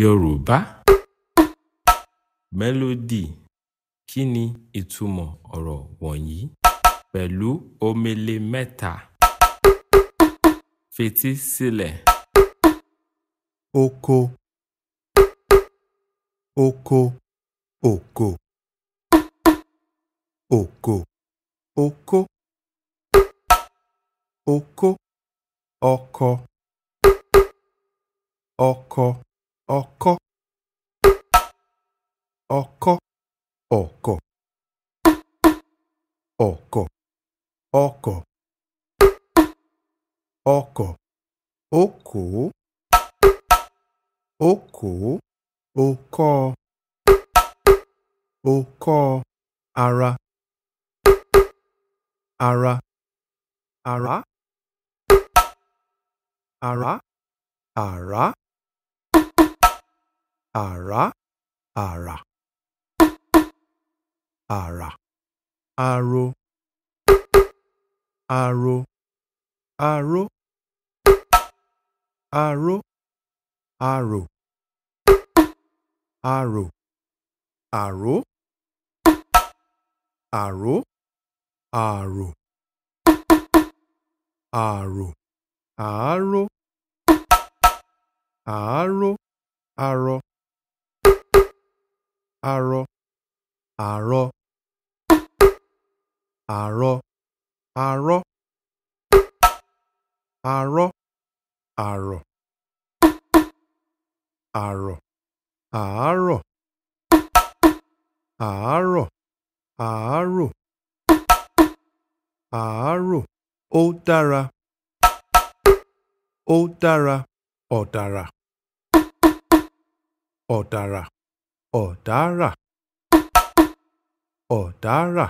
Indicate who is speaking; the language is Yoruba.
Speaker 1: yorùbá mélódì kí ni ìtumọ̀ ọ̀rọ̀ wọ̀nyí pẹ̀lú omele mẹ́ta fetí sílẹ̀. oko oko oko oko oko oko ọkọ ọkọ ọkọ ọkọ ọkọ ọkọ ọkọ ọkọ okò okò
Speaker 2: okọ okọ ara ara ara ara ara ara ara ara aro aro aró aró arò arò àró àró àrò àrò àáró àáró arọ. arọ arọ arọ arọ arọ arọ arọ àárọ̀ àárọ̀ àárọ̀ àárọ̀ ó dára ó dára
Speaker 3: ọ̀dàrà ọ̀dàrà. ọ̀dárà ọ̀dárà